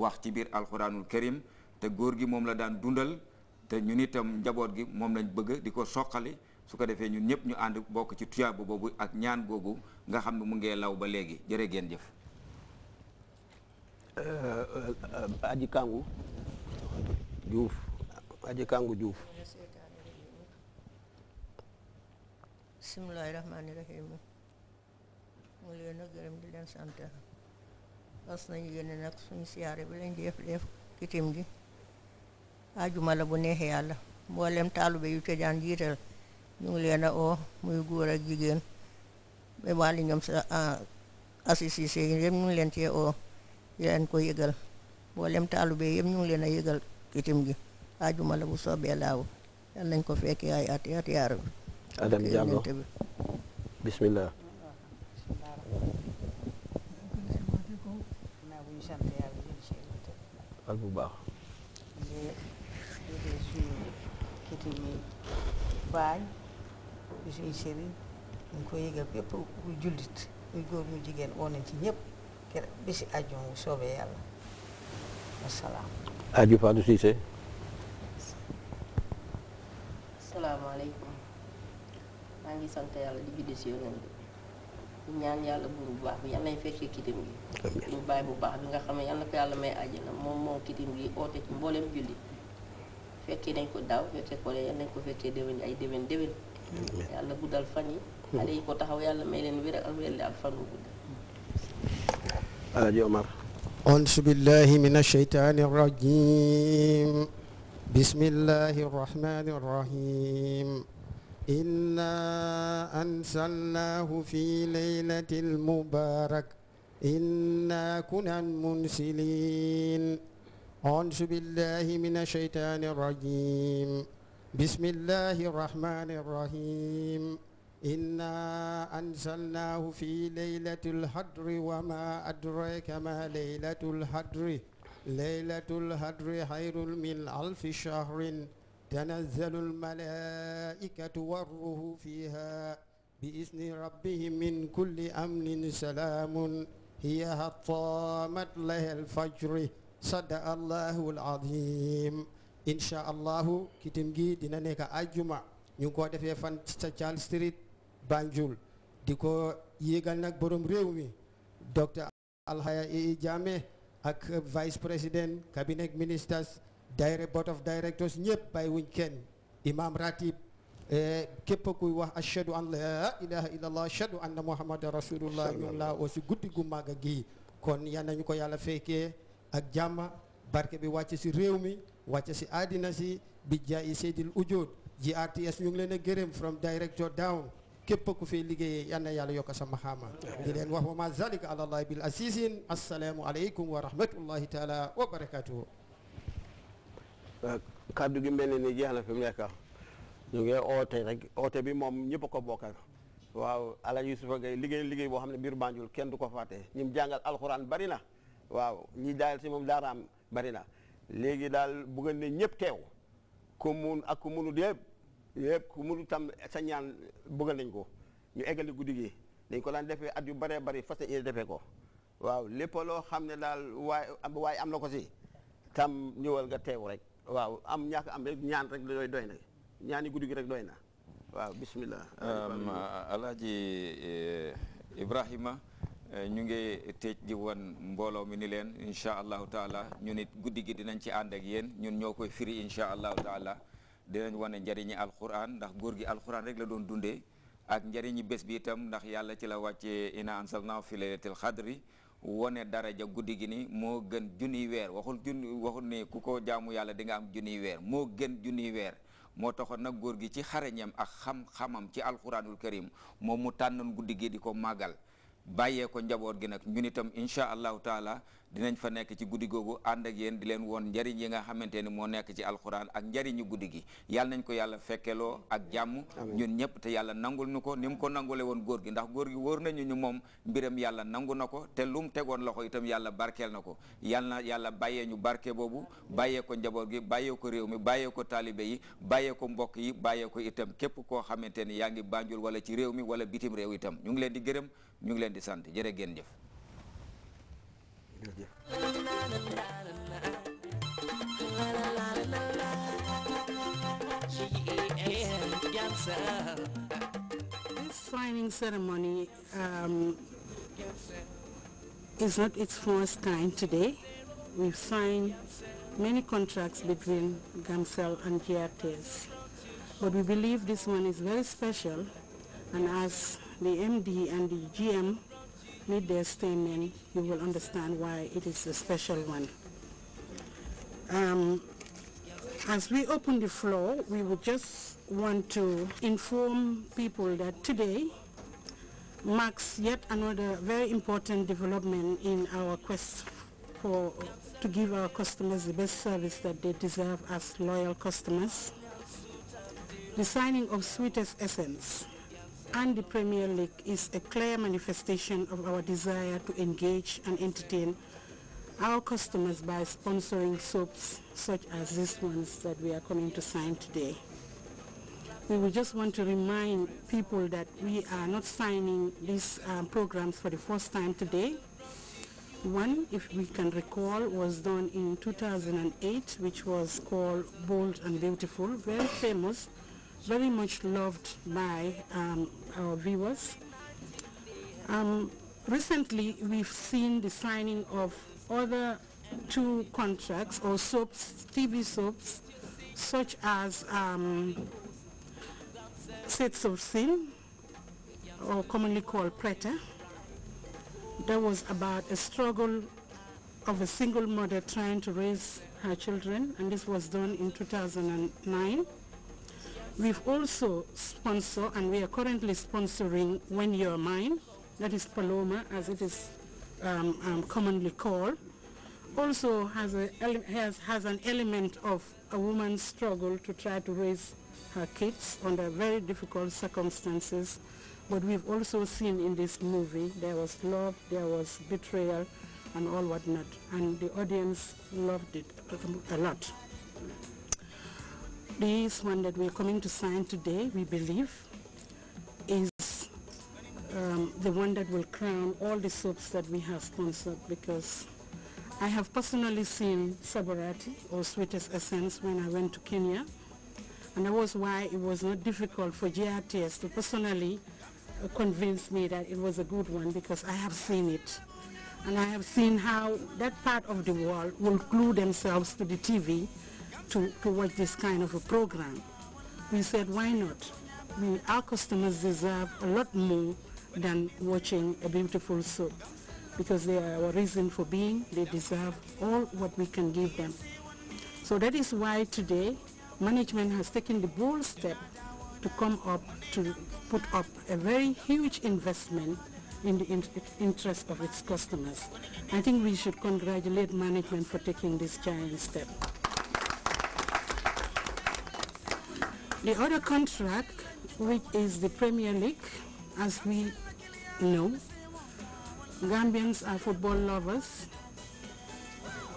wax ci biir alxuraanul karim te góor gi moom la daan dundal te ñun itam njaboot gi moom lañ bëgg di ko soqali su ko defee ñun ñëpp ñu ànd bokk ci tuyaaba boobu ak ñaan googu nga xam ne mu ngee law ba léegi jërë geen jëf euh, euh, aji kàngu juuf aji fas nañu yéene nag suñu siyaare bi lañ def def kitim gi ajuma la bu neexee yàlla mboolem taalube yu ca daan jiital ñu ngi leen a oo muy góor ak jigéen ba wàllu ñoom sa assisise yi yëpp ñu leen cee oo di leen ko yëgal mboolem taalube yëpp ñu ngi leen a yëgal kitim gi ajuma la bu soobee laaw yàlla nañ ko fekkee ay at yaar bi. Adam Diallo bismillah ñu sant yàlla jël ci ak bu baax ñu jëlee suñu kitimi baañ ñu jullit muy góor mu jigéen oo ci ñëpp kër bisi ajoon bu soobee yàlla wasalaam aju Fatou Cissé asalaamaaleykum maa ngi sant yàlla di julli si yonent bi ñaan yàlla buuru bu baax bi yàlla nañ fekkee kitim gi ñu bàyyi bu baax bi nga xam ne yàlla ko yàlla may àjjana moom moom kitim gi oote ci mbooleem julli fekkee nañ ko daaw fekkee ko ne yàlla nañ ko fekkee déwén ay déwén déwén yàlla guddal dal fani xale yi ko taxaw yàlla may leen wér ak ak bu alaji omar أعوذ بالله من الشيطان الرجيم بسم الله الرحمن الرحيم إنا أنزلناه في ليلة المبارك إنا كنا منسلين أعوذ بالله من الشيطان الرجيم بسم الله الرحمن الرحيم إنا أنزلناه في ليلة الحدر وما أدراك ما ليلة الحدر ليلة الحدر خير من ألف شهر تنزل الملائكة والروح فيها بإذن ربهم من كل أمن سلام هي هطامت لها الفجر صدق الله العظيم incha allahu kitim gi dina nekk ajjuma ñu ngi ko defee fan sa Charles Street Banjul di ko yéegal nag borom réew mi docteur Alhaya Yahya Jammeh ak vice président cabinet ministers daayira board of directors ñëpp bàyyi wuñ kenn imam ratib eh, képp kuy wax ashadu an la ilaha illallah ashadu anna muhammadan rasulullah ñun laa aussi guddi gu màgg gi kon yan na ñu ko yàlla fekkee ak jàmma barke bi wàcc si réew mi wàcc si àddina si bi jaayi seydil ujood GRTS ñu ngi leen a gërëm from director down képp ku fee liggéeyee yal na yàlla yokk sa maxaama di leen wax wa ma zalika ala allahi bil asisin assalaamu aleykum wa rahmatullahi taala wa barakatuhu Euh, kàddu gi mel ne ni jeex na fi mu nekk ñu ngi oote rek oote bi moom ñëpp a ko bokkal waaw ala Yusufa Gay liggéey liggéey boo xam ne biir Banjul kenn du ko fàtte ñim jàngal alxuraan bari na waaw ñi daal si moom am bari na léegi daal bëgg ne ñëpp teew ku mun ak ku munut yëpp yëpp ku munut tam sa ñaan bëgg nañ ko ñu eggali guddi gi dañ ko daan defee at yu baree bari fas yéene defee ko waaw lépp loo xam ne daal waay waaye am na ko si tam ñëwal teew rek waaw am ñàkk am rek ñaan rek doy doy na ñaani guddi gi rek doy na waaw bismillah um, alaaji eh, ibrahima eh, ñu ngi tëj di wan mbooloo mi ni leen incha allahu taala ñu nit guddi gi dinañ ci ànd ak yéen ñun ñoo koy firi incha allahu taala dinañ wane njëriñi alquran ndax góor gi alquran rek la doon dundee ak njëriñi bés bi itam ndax yàlla ci la wàcce ina ansalnaahu fi laylatil xadri wone daraja guddi gi ni moo gën junni weer waxul junni waxul ni ku ko jaamu yàlla di nga am junni weer moo gën junni weer moo taxoon nag góor gi ci xarañam ak xam-xamam ci alquranul karim moom mu tànnoon guddi gi di ko màggal bàyyee ko njaboot gi nag ñun itam incha allahu taala dinañ fa nekk ci guddi googu ànd ak yéen di leen woon njariñ yi nga xamante ni moo nekk ci alxuraan ak njariñu guddi gi yàlla nañ ko yàlla fekkeloo ak jàmm ñun ñëpp te yàlla nangul ñu ko ni mu ko nangule woon góor gi ndax góor gi wóor nañu ñu moom mbiram yàlla nangu na ko te lu tegoon loxo itam yàlla barkeel na ko yàlla na yàlla bàyyee ñu barke boobu bàyyee ko gi bàyyee ko réew mi bàyyee ko taalibe yi bàyyee mbokk yi bàyyee ko itam képp koo xamante ni yaa ngi bànjul wala ci réew mi wala bitim réew itam ñu ngi leen di gërëm ñu ngi leen di sant jërë ngeen jëf This signing ceremony um, is not its first time today. We've signed many contracts between Gamcell and GRTS. But we believe this one is very special and as the MD and the GM read their statement, you will understand why it is a special one. Um, as we open the floor, we would just want to inform people that today marks yet another very important development in our quest for to give our customers the best service that they deserve as loyal customers. The signing of Sweetest Essence, and the Premier League is a clear manifestation of our desire to engage and entertain our customers by sponsoring soaps such as these ones that we are coming to sign today. We would just want to remind people that we are not signing these um, programs for the first time today. One, if we can recall, was done in 2008, which was called Bold and Beautiful, very famous very much loved by um, our viewers. Um, recently, we've seen the signing of other two contracts or soaps, TV soaps, such as um, Sets of Sin, or commonly called Preta. That was about a struggle of a single mother trying to raise her children, and this was done in 2009. We've also sponsored, and we are currently sponsoring When You're Mine, that is Paloma as it is um, um, commonly called, also has, a, has, has an element of a woman's struggle to try to raise her kids under very difficult circumstances. But we've also seen in this movie there was love, there was betrayal, and all whatnot. And the audience loved it a lot. This one that we're coming to sign today, we believe, is um, the one that will crown all the soaps that we have sponsored because I have personally seen Saborati or Sweetest Essence when I went to Kenya and that was why it was not difficult for GRTS to personally uh, convince me that it was a good one because I have seen it and I have seen how that part of the world will glue themselves to the TV to, watch this kind of a program. We said, why not? We, our customers deserve a lot more than watching a beautiful soap because they are our reason for being. They deserve all what we can give them. So that is why today management has taken the bold step to come up to put up a very huge investment in the interest of its customers. I think we should congratulate management for taking this giant step. The other contract, which is the Premier League, as we know, Gambians are football lovers.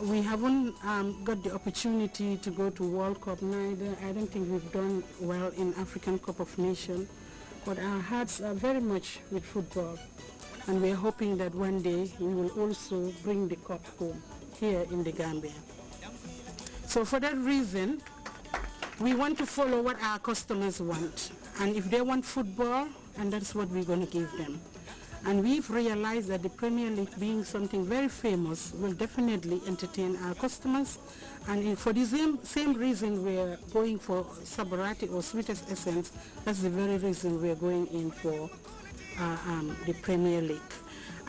We haven't um, got the opportunity to go to World Cup neither. I don't think we've done well in African Cup of Nations, but our hearts are very much with football. And we're hoping that one day we will also bring the cup home here in the Gambia. So for that reason, we want to follow what our customers want. And if they want football, and that's what we're going to give them. And we've realized that the Premier League being something very famous will definitely entertain our customers. And for the same, same reason we're going for Sabarati or Sweetest Essence, that's the very reason we're going in for uh, um, the Premier League.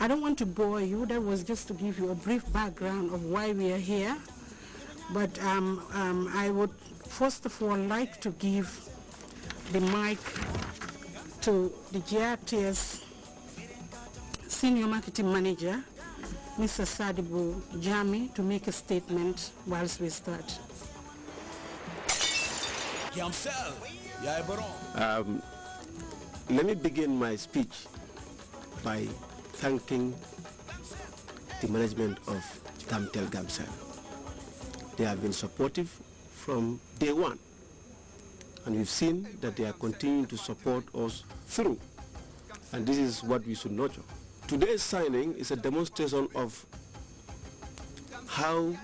I don't want to bore you, that was just to give you a brief background of why we are here. But um, um, I would First of all, I'd like to give the mic to the GRTS Senior Marketing Manager, Mr. Sadibu Jami, to make a statement whilst we start. Um, let me begin my speech by thanking the management of Gamtel Gamsel. They have been supportive from day one. And we've seen that they are continuing to support us through. And this is what we should nurture. Today's signing is a demonstration of how